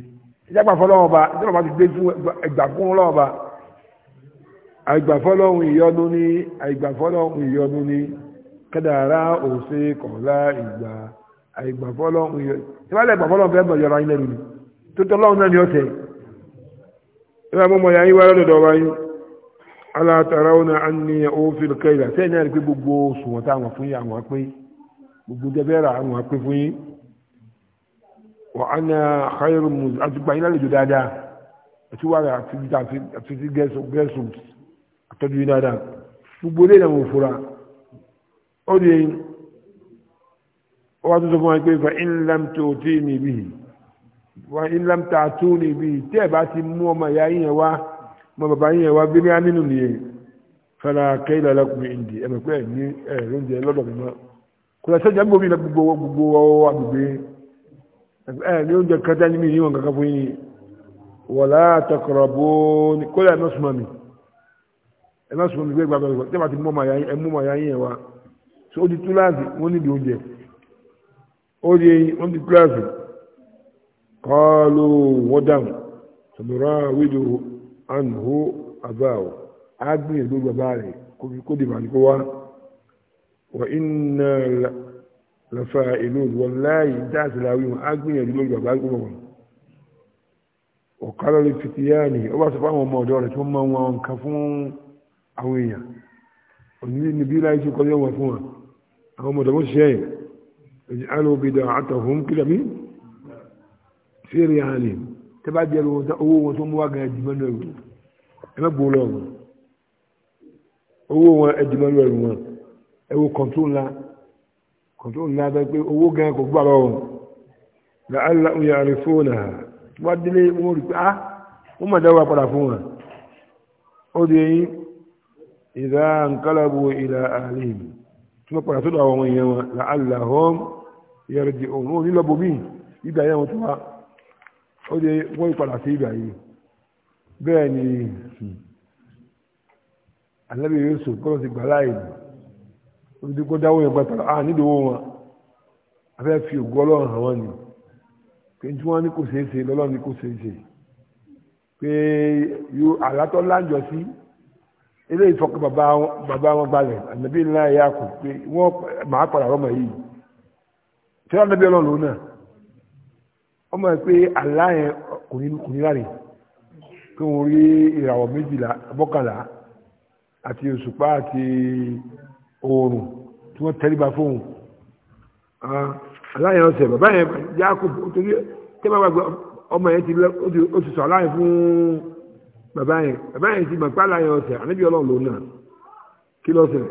ìjàgbà fọ́ ọlọ́run bá ìjọba bá ti dé fún ẹgbà fún ọlọ́run bá àìgbà fọ́ ọlọ́run ìyọnu ní àìgbà fọ́ ọlọ́run ìyọnu ní kádàrá òsè kọ̀ọ̀lá ìgbà àìgbàfọ́lọ́ ìbálẹ̀ ìgbàfọ́lọ́ fẹ́ mọ̀ yọra yín lẹ́nu tó tọ́ lọ́wọ́ náà ni ọ̀tẹ̀ ìbá mọ́ mọ̀ yàyín wá lọ́dọ̀ wa yín alátara ọ̀nà àní òfin kẹrìlá sẹ́yìn náà rí pé gbogbo òṣùwọ̀n táwọn fún yín àwọn apé gbogbo jẹ́bẹ́rà àwọn apé fún yín wọ́n á ní àkàyẹ̀rù mu àtúgbà yín lálejò dáadáa àti wà rà àti gẹ́sùn àtọ́jú yín dáadáa gbogbo ilé ìdààmú ó di ó wá tó sọ fún wa pé fa inlam tó tí ní bí wa inlam tà tó ní bí tẹ́ ẹ̀ bá ti mú ọmọ ìyá yín yẹn wá ọmọ bàbá yín yẹn wá bí ní á nínú nìyẹn fara kẹ́lá lọ́kùnrin ìdí ẹ̀ mọ̀ pé ẹ̀ ní ẹ̀ lóúnjẹ lọ́dọ̀ mi mọ́ kò lọ́sẹ̀ jẹ́ gbòmìnira gbogbo gbogbo àgbègbè ẹ̀ ní oúnjẹ kẹta ní mi níwọ̀n kankan fún yín wọ̀lá tọkọ̀rọ̀bù ní kólà ẹ̀ mọ́sùmọ́ mi ẹ̀ mọ́sùmọ́ mi gbé gbàgbọ́ tí wọ́n ti mú ọmọ ẹ̀yà yín ẹ̀ wá so ó di túláàsì wọ́n nídìí oúnjẹ ó di wọ́n di túláàsì kọ́ọ̀lù wọ́dàm sọ̀dọ̀rọ̀ wíjọ àǹhó àbáwò ágbìn ìlú bàbá rẹ̀ kó dìbò àdìgbò wá wà iná lafa ìlú wọn láàyè dáàsì láwí wọn ágbìn ìlú lórí bàbá rẹ̀ kó wọn. ọ̀kálọ̀ lè fìtìyàní ó bá sọ fún àwọn ọmọ ọ̀dọ́ rẹ̀ tó máa wọn kan fún àwọn èèyàn òní níbi láì ṣe kọjá wọn fún wọn. هم ọmọdé wọn ṣiṣẹ́ yìí ìjìnlẹ̀ obìnrin àtọ̀hún kílẹ̀ mi fèrè àlè tẹ́ bá jẹ́ owó wọn tó mú wá gan ẹ̀dìmọ́ náà rù ẹ má gbowó lọ́wọ́ owó wọn ẹ̀dìmọ́ náà rù wọn ẹ wo kọ̀ǹtó ńlá kọ̀ǹtó ńlá bẹ́ẹ̀ pé owó gan kò gbà lọ́wọ́ làálà ń yàrá fóònù à wá délé wọn rí pé á ah, wọn mà dáwọ́ padà fún wọn ó di eyín ìdá nkálàbù ìlà àlè mi tí wọ́n padà sọ́dọ̀ àwọn èèyàn wọn la'allahum yarji'un òun nílọ́bù mí ìgbà yẹn wọn tó wá ó dé wọ́n padà sí ìgbà yìí bẹ́ẹ̀ ni Ànábì Yusuf kọ́ sí gbà láì ní ojú kó dáwọ́ yẹn pàtàkì à nídìí owó wọn afẹ́ fi ògùn ọlọ́run hàn wọ́n ni pé tí wọ́n ní kò ṣeé ṣe lọ́lọ́run ní kò ṣeé ṣe pé àlátọ́ láǹjọ sí ilé ìfọkọ bàbá wọn gbalẹ̀ ànàbí ńlá ẹ̀yà kò pé wọ́n máa padà ọmọ yìí tí wọ́n nàbí ọlọ́run lòun náà ọmọ ẹ̀ pé aláyẹn kò ní láre pé wọ́n rí ìràwọ̀ méjìlá mọ́kànlá àti òṣùpá àti oòrùn tí wọ́n tẹríba fóun aláyẹn ọ̀sẹ̀ bàbá yẹn yà kò torí tẹ́lẹ̀ bàbá ọmọ yẹn ti sọ aláyẹn fún bàbá yẹn bàbá yẹn ti mọ̀ pálá yẹn ọ̀sẹ̀ àníbi ọlọ́run lòun náà kí lọ́sẹ̀.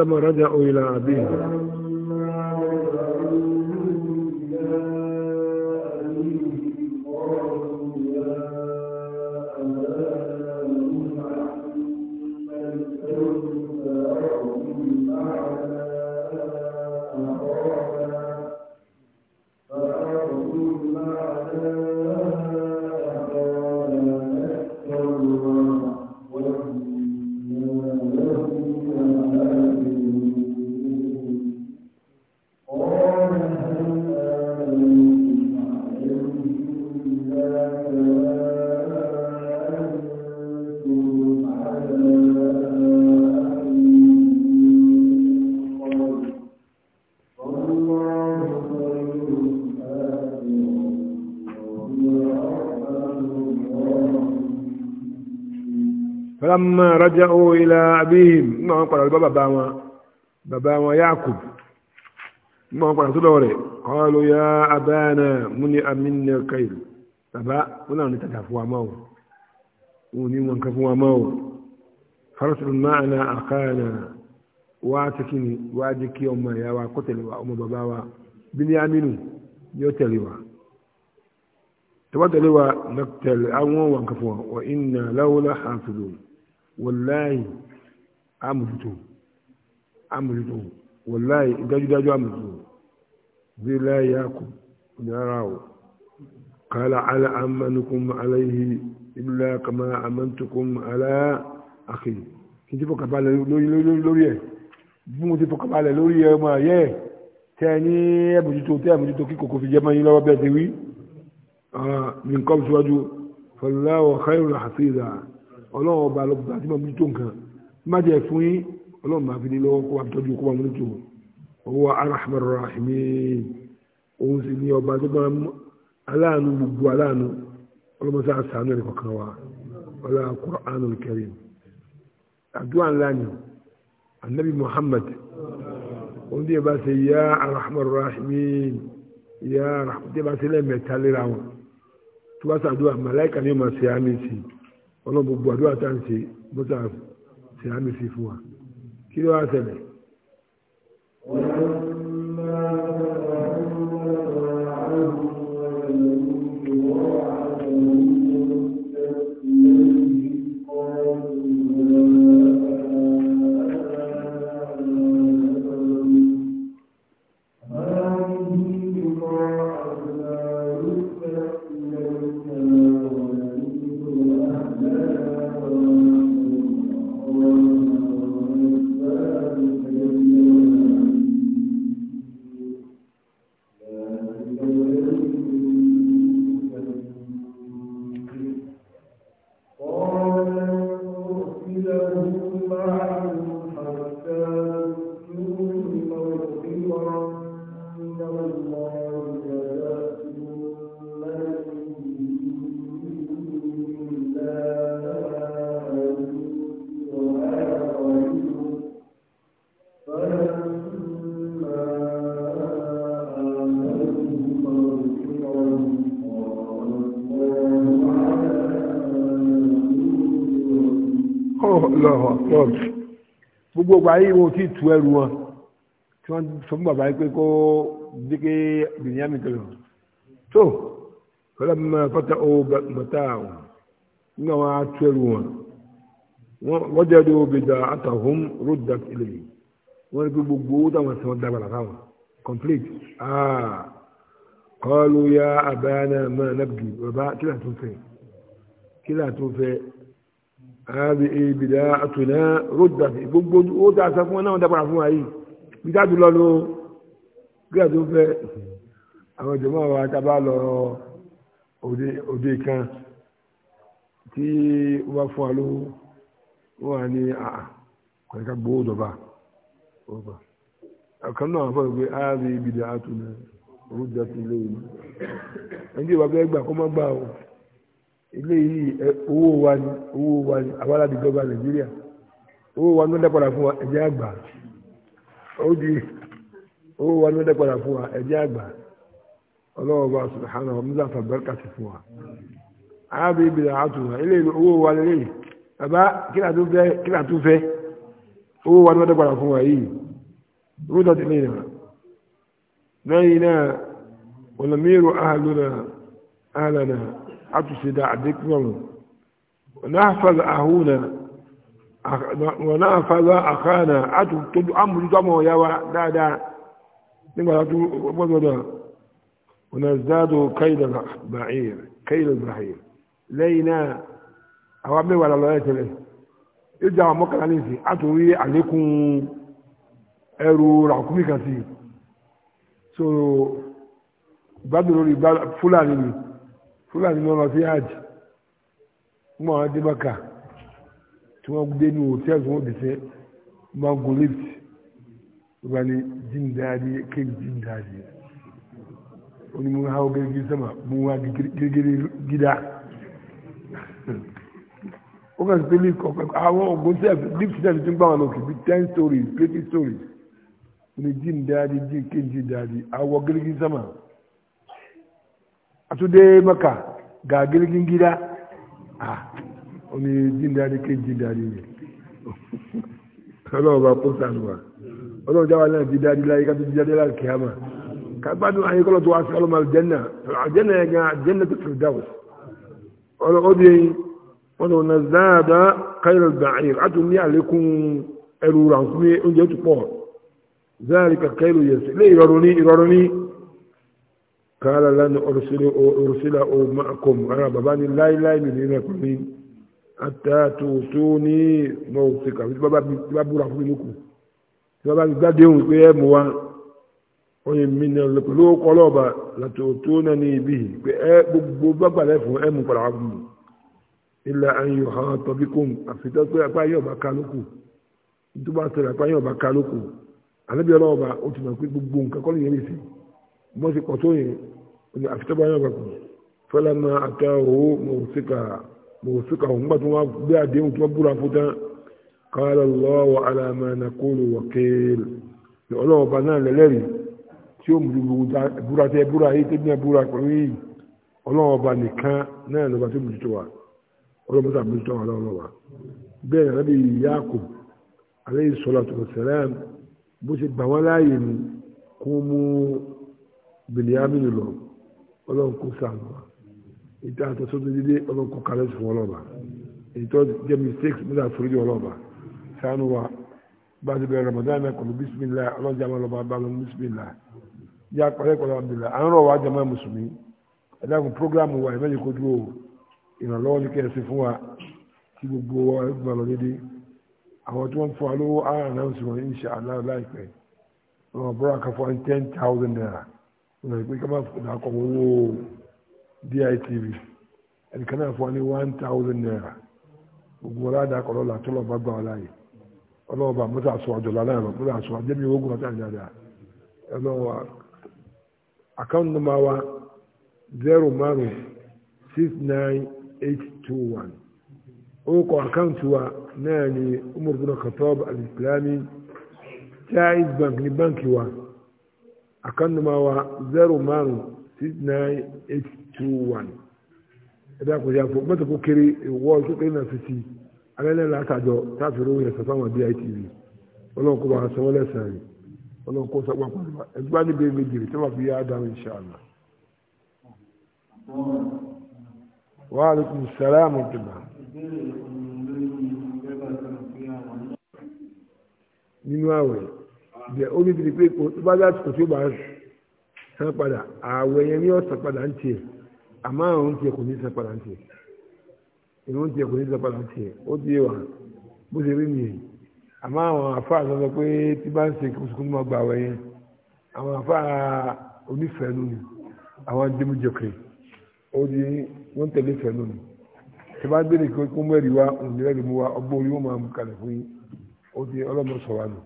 فلما رجعوا إلى أبيهم فلما رجعوا إلى أبيهم ما قال بابا بابا بابا يعقوب ما قال سدوري قالوا يا أبانا من أمنا الكيل بابا ولا نتكفوا ماو ونيم نكفوا ماو فرسل معنا أخانا واتكني واجك يوم يا وقتل وأم بابا بنيامين يوتلوا تبدلوا نقتل أو وانكفوا وإنا لولا حافظون wọláì amòtútù amòtútù wọláì dájúdájú amòtútù bí láyé akọ onírárá o kala ala amanukum alayhi illa kama amantukum ala akhi kí n ti fọkàn balẹ̀ lórí ẹ̀ bí mo ti fọkàn balẹ̀ lórí ẹ̀ ọmọ ayé ẹ̀ tẹ́ ẹ ní ẹ̀bùjútó tẹ́ ẹ̀bùjútó kí kòkó fi jẹ́ mọ́ yín lọ́wọ́ ti wí. Ah, min kọ́ síwájú fọláwọ̀ khairu hafiza ọlọ́run ọba lọ bá tí mo bí tó nǹkan má jẹ́ fún yín ọlọ́run máa fi ní lọ́wọ́ kó wa tọ́jú kó wa mú tó owó arahman rahimi òun sì ní ọba tó bá aláàánú gbogbo aláàánú ọlọ́mọsá àṣàánú ẹ̀rẹ̀ kọ̀ọ̀kan wa ọlá Qur'anul Karim àdúrà ńlá ni anabi Muhammad òun tí ẹ bá ṣe yá arahman rahimi yá arahman tí ẹ bá ṣe lẹ́ẹ̀mẹ́ta léra wọn tí wọ́n ṣàdúrà màláìka ni ó máa ṣe àmì sí i ọlọ́run gbogbo àdúrà tá à ń ṣe bọ́tà ṣe àmì sí fún wa kí ló wá ṣẹlẹ̀. lọ́wọ́ gbogbo ọgbà yìí wọn ò tí ì tú ẹrù wọn tí wọ́n sọ fún bàbá yìí pé kó dígé bìnyámi kẹlẹ̀ tó kọlá mi máa fọ́tà ó bàtà wọn nígbà wọn á tú ẹrù wọn wọ́n jẹ́ ẹ̀dọ́ bìdà àtàwọn ròdà ilẹ̀ yìí wọ́n rí pé gbogbo owó táwọn ẹ̀sìn wọn dàgbà complete ah kọlu ya abana ma nabgi bàbá kí lóò tún fẹ́ kí lóò tún fẹ́. هذه بداءتنا ردت gbogbo ó dá sọ fún wọn náà dábàrà fún wa yìí bí dájú lọ ló gíga tó fẹ́ àwọn ìjọba wa tábà lọ òde kan tí ó bá fún wa ló wọn wà ní àà kọ̀ọ̀ká gbowó dọ̀bà ọba ọ̀kan náà wọ́n fọ́ pé هذه بداءتنا ردت lóyún ẹni tí ìwà bẹ́ẹ̀ gbà kó má gbà o. eléyìí owó wa ni owó wa ni àwọn aládìjọba nàìjíríà owó wa ni wọ́n dẹ́padà fún wa ẹ̀jẹ̀ àgbà ó di owó wa ni wọ́n dẹ́padà fún wa àgbà ọlọ́wọ́ bá wa musa fún wa owó wa ni eléyìí bàbá tún fẹ́ owó wa ni wọ́n fún wa yìí owó tó ti lè lẹ́yìn náà àtúnṣe dá àdékù ọ̀run wọ̀nà n'a àkàánà àtúntọ́jú àmójútó ọmọ ọ̀yá wa dáadáa nígbà tó gbọ́dọ̀ wọ̀nà zádò kaida bàáyìr lẹ́yìn náà àwọn mẹ́wàá lọ́yẹ̀ tẹ́lẹ̀ ìjà àwọn fúlàní lọ́nà sí àjì mọ́ àwọn adébákà tí wọ́n gbé ní hòtẹ́ẹ̀lì wọn bìtẹ́ mango lift ìgbà ni jíǹdáàdì kéèkì jíǹdáàdì oní mú hao gẹ́gẹ́ sẹ́mà mú wá gẹ́gẹ́ gídá ó kàn sí pé lift kọ̀ọ̀kan àwọn ògùn tẹ́ lift náà ti tún gbà wọn lókè bí ten stories twenty stories oní jíǹdáàdì jíǹkéèjì dáàdì àwọ̀ gẹ́gẹ́ sẹ́mà a tude maka ga girgin gida a wani jin daɗi kai jin daɗi ne ọlọ́wọ́ bá kún sànù wa ọlọ́wọ́ jáwa náà jin daɗi láyé ká tó jin daɗi láyé kìáma ká bá dùn ayé kọ́lọ́ tó wá sí ọlọ́mọ aljanna aljanna yẹn gan aljanna tó fi dáwọ̀ ọlọ́wọ́ bí wọ́n tó na záàdá káyọ̀ bàáyé a tún ní àlékún ẹrù rànkúmé oúnjẹ tó pọ̀ záàrí kàkẹ́rù yẹn sí ilé ìrọ̀rùn ní ìrọ̀rùn ní قال لن أرسله معكم أنا باباني لا لا يمينكم مين حتى توصوني موثقا بابا بابا رافينكم bàbá gbádéhùn pé ẹ mú wa oye mi ní ọlọpẹlú ọkọlọba láti òtún náà ní ibi pé ẹ gbogbo gbàgbàlẹ fún ẹ mú padà wà fún mi ilẹ̀ ayò àwọn tọ́bíkùn àfitọ́ pé apá yóò bá ká lóko nítorí bá tẹ̀lé apá yóò bá ká lóko àlẹ́bí ọlọ́ọ̀ba ó ti mọ̀ pé gbogbo nǹkan kọ́ nìyẹn lè fi bó ti pọ̀ tó yẹn ní àfitẹ́bá yẹn gbàgbọ́ fẹ́lẹ́ máa àtẹ owó mọ̀ọ́síkà mọ̀ọ́síkà òun gbà tó wá gbé àdéhùn tó búra fún tán kálọ̀ lọ́wọ́ alámẹ́nà kóòlù wọ̀kéèlì ní ọlọ́wọ́ bá náà lẹ́lẹ́rìí tí ó mú búra tẹ búra yìí tẹ́ bíyà búra pẹ̀lú yìí ọlọ́wọ́ bá nìkan náà lọ́ba tó mú tó ọlọ́wọ́ tó mú tó wa lọ́wọ́ wa bẹ́ẹ̀ ni alábi Yakub alayhi salatu wassalam bó ṣe gbà wọ́n láàyè ni kó mú bìnìyàmínú lọ ọlọ́run kó sàmù wa ìta àtọ́sọ́tò dídé ọlọ́run kó kalẹ̀ sí wọn lọ́ba ìtọ́ jẹ́ mistakes mọ́tà àforíjì wọn lọ́ba sànù wa bá ti bẹ̀rẹ̀ Ramadan náà kọlu bisimilá ọlọ́run jẹ́ àwọn lọ́ba bá lọ́n bisimilá yà pàdé kọlu abdulá à ń rọ̀ wá jama mùsùlùmí ẹ̀dàkùn program wa ìmẹ́jì kó dúró ìrànlọ́wọ́ ní kẹ́sì fún wa kí gbogbo wa ẹgbẹ́ lọ dédé àwọn tí wọ́n fún wa lówó àrùn náà sì wọ́n insha Allah láìpẹ́ wọn bọ́ra kan ten thousand naira wọn rẹ̀ pé ká má fòdà kọ owó DITV ẹnìkan náà fún wa ní one thousand naira gbogbo ọlá àdá kọ̀ lọ́la tó lọ́ọ́ bá gbà ọ́ láàyè ọlọ́wọ́ bá mọ́tà sọ ọjọ́ lálẹ́ rẹ̀ mọ́tà sọ ajẹ́mi ogun ọ̀tá ìjàdá ọlọ́wọ́ àkáǹtì nọ́mbà wa zero márùn six nine eight two one orúkọ àkáǹtì wa náà ni umar bin khattab al-islami jaiz bank ní báǹkì wa akannuma zero márùn six nine eight two one ẹ̀dá kò yà fún mẹ́tò kó kéré ìwọ́ tó kéré náà fìsì alẹ́lẹ́ látàjọ táàfìrò yẹn sọ fáwọn bitv ọlọ́run kó bá sọ wọ́n lẹ́sàn rẹ̀ ọlọ́run kó sọ wọn pàdé ẹgbẹ́ níbi èmi jèrè tí wọ́n fi yá dáhùn inṣàlá. wa alaikum salaam wa rahmatulah. nínú àwẹ̀ bẹ̀ ó ní bìrì pé kò tó bá láti kò tó bá san padà ààwẹ̀ yẹn ní ọ̀sán padà ń tiẹ̀ àmọ́ àwọn tiẹ̀ kò ní san padà ń tiẹ̀ ìwọ̀n tiẹ̀ kò ní san padà ń tiẹ̀ ó di wà bó ṣe rí nìyẹn àmọ́ àwọn àfáà sọ pé tí bá ń ṣe kóṣùkú ní wọn gba àwẹ̀ yẹn àwọn àfáà onífẹ̀ẹ́nu ni àwọn adémújọkẹ́ ó di wọ́n tẹ̀lé fẹ̀ẹ́nu ni tí bá gbé ní kó mú ẹ̀rí òun ní ẹ̀rí ó di ọlọ́mọ sọ̀rọ̀ àná.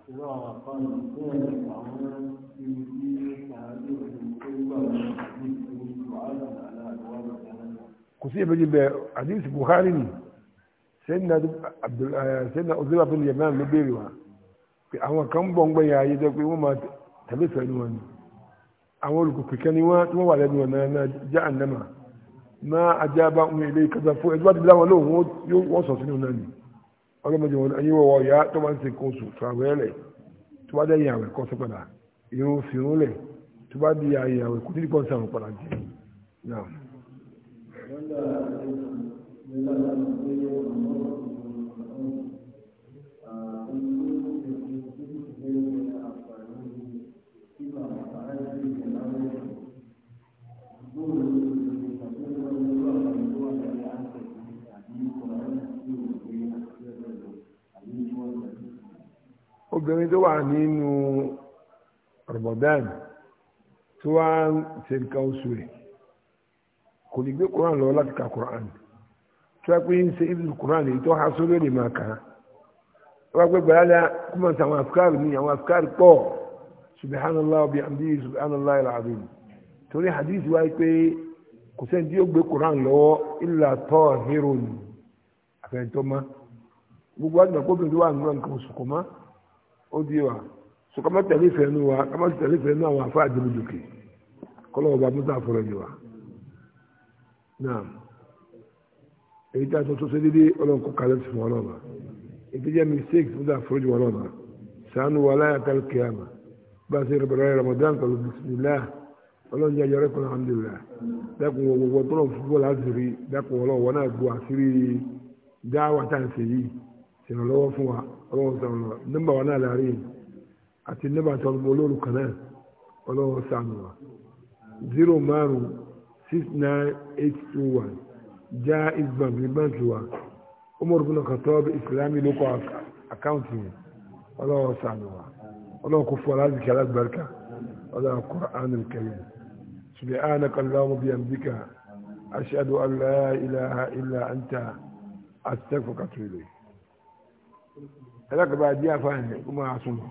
kò sí ìbejì bẹ́ẹ̀ àdìsí Bukhari ni sẹ́yìn ọ̀dọ́lá eh, bin Yaman ló béèrè wa pé àwọn kan bọ̀ ń gbẹ̀yà ayé jẹ́ wọ́n máa tẹ̀lé ìfẹ́ nu wọn ni àwọn olùkùnkùnkẹ́ ni wọ́n tí wọ́n wà lẹ́nu ọ̀nà náà já ajá bá ń ilé fún àti bíláwọn wọ́n ọlọ́mọdé wọn ẹni wọ́wọ́ ya tó bá ń ṣe kó oṣù fàwẹ́lẹ̀ tó bá dé ìyàwó ẹ̀kọ́ sí padà irun fìrún lẹ̀ tó bá di ìyàwó ẹ̀kọ́ títí pọ́ǹsì àwọn padà jẹ́ ẹni tó wà nínú Ramadan tó wá ń ṣe nǹkan oṣù rẹ̀ kò ní gbé Quran lọ láti ka Quran tó wá pé ń ṣe ibi Quran èyí tó ha sórí èdè máa kà á tó wá pé gbàlálà kó máa ṣàwọn àfikàrù ní àwọn àfikàrù pọ̀ subhanallah wa bihamdihi subhanallah al torí hadith wáyé pé kò sẹ́ni tí yóò gbé Quran lọ́wọ́ illa tahirun àfẹ́ntọ́mọ́ gbogbo àgbà kóbìnrin tó wà nínú nǹkan oṣù kò máa. o di wa so kama tẹ̀lé fẹ́ nu wa kama tẹ̀lé fẹ́ nu àwọn afọ duke kọ́lọ́ ọba musa fọlọ di wa èyí tí a tó ọlọ́nkọ kalẹ̀ ti fún wa lọ́ba wa wa láyà a ṣe rẹ̀ ramadan pẹ̀lú bisimilah ọlọ́run jẹ́ ayọ̀rẹ́ kan alhamdulilah dákun wọ gbogbo tọ́lọ̀ fúnbọ̀ láṣìírí dákun ọlọ́run náà ń ọlọ́run sànù wa nọ́mbà wa náà láàrin àti nọ́mbà tó ń bọ̀ olóòlù kan náà ọlọ́run sànù wa zero márùn six nine eight two one já isbank ní báńkì wa umar bin khattab islami lóko àkáǹtì yẹn ọlọ́run sànù wa ọlọ́run kò fún aláàzìkí alágbàríkà ọlọ́run Qur'an al-Karim subhanaka allahumma bihamdika ashhadu an la ilaha illa anta astaghfiruka wa atubu ilayk ẹlẹ́kọ̀ọ́ bá dí àfáàní kó máa sùn lọ.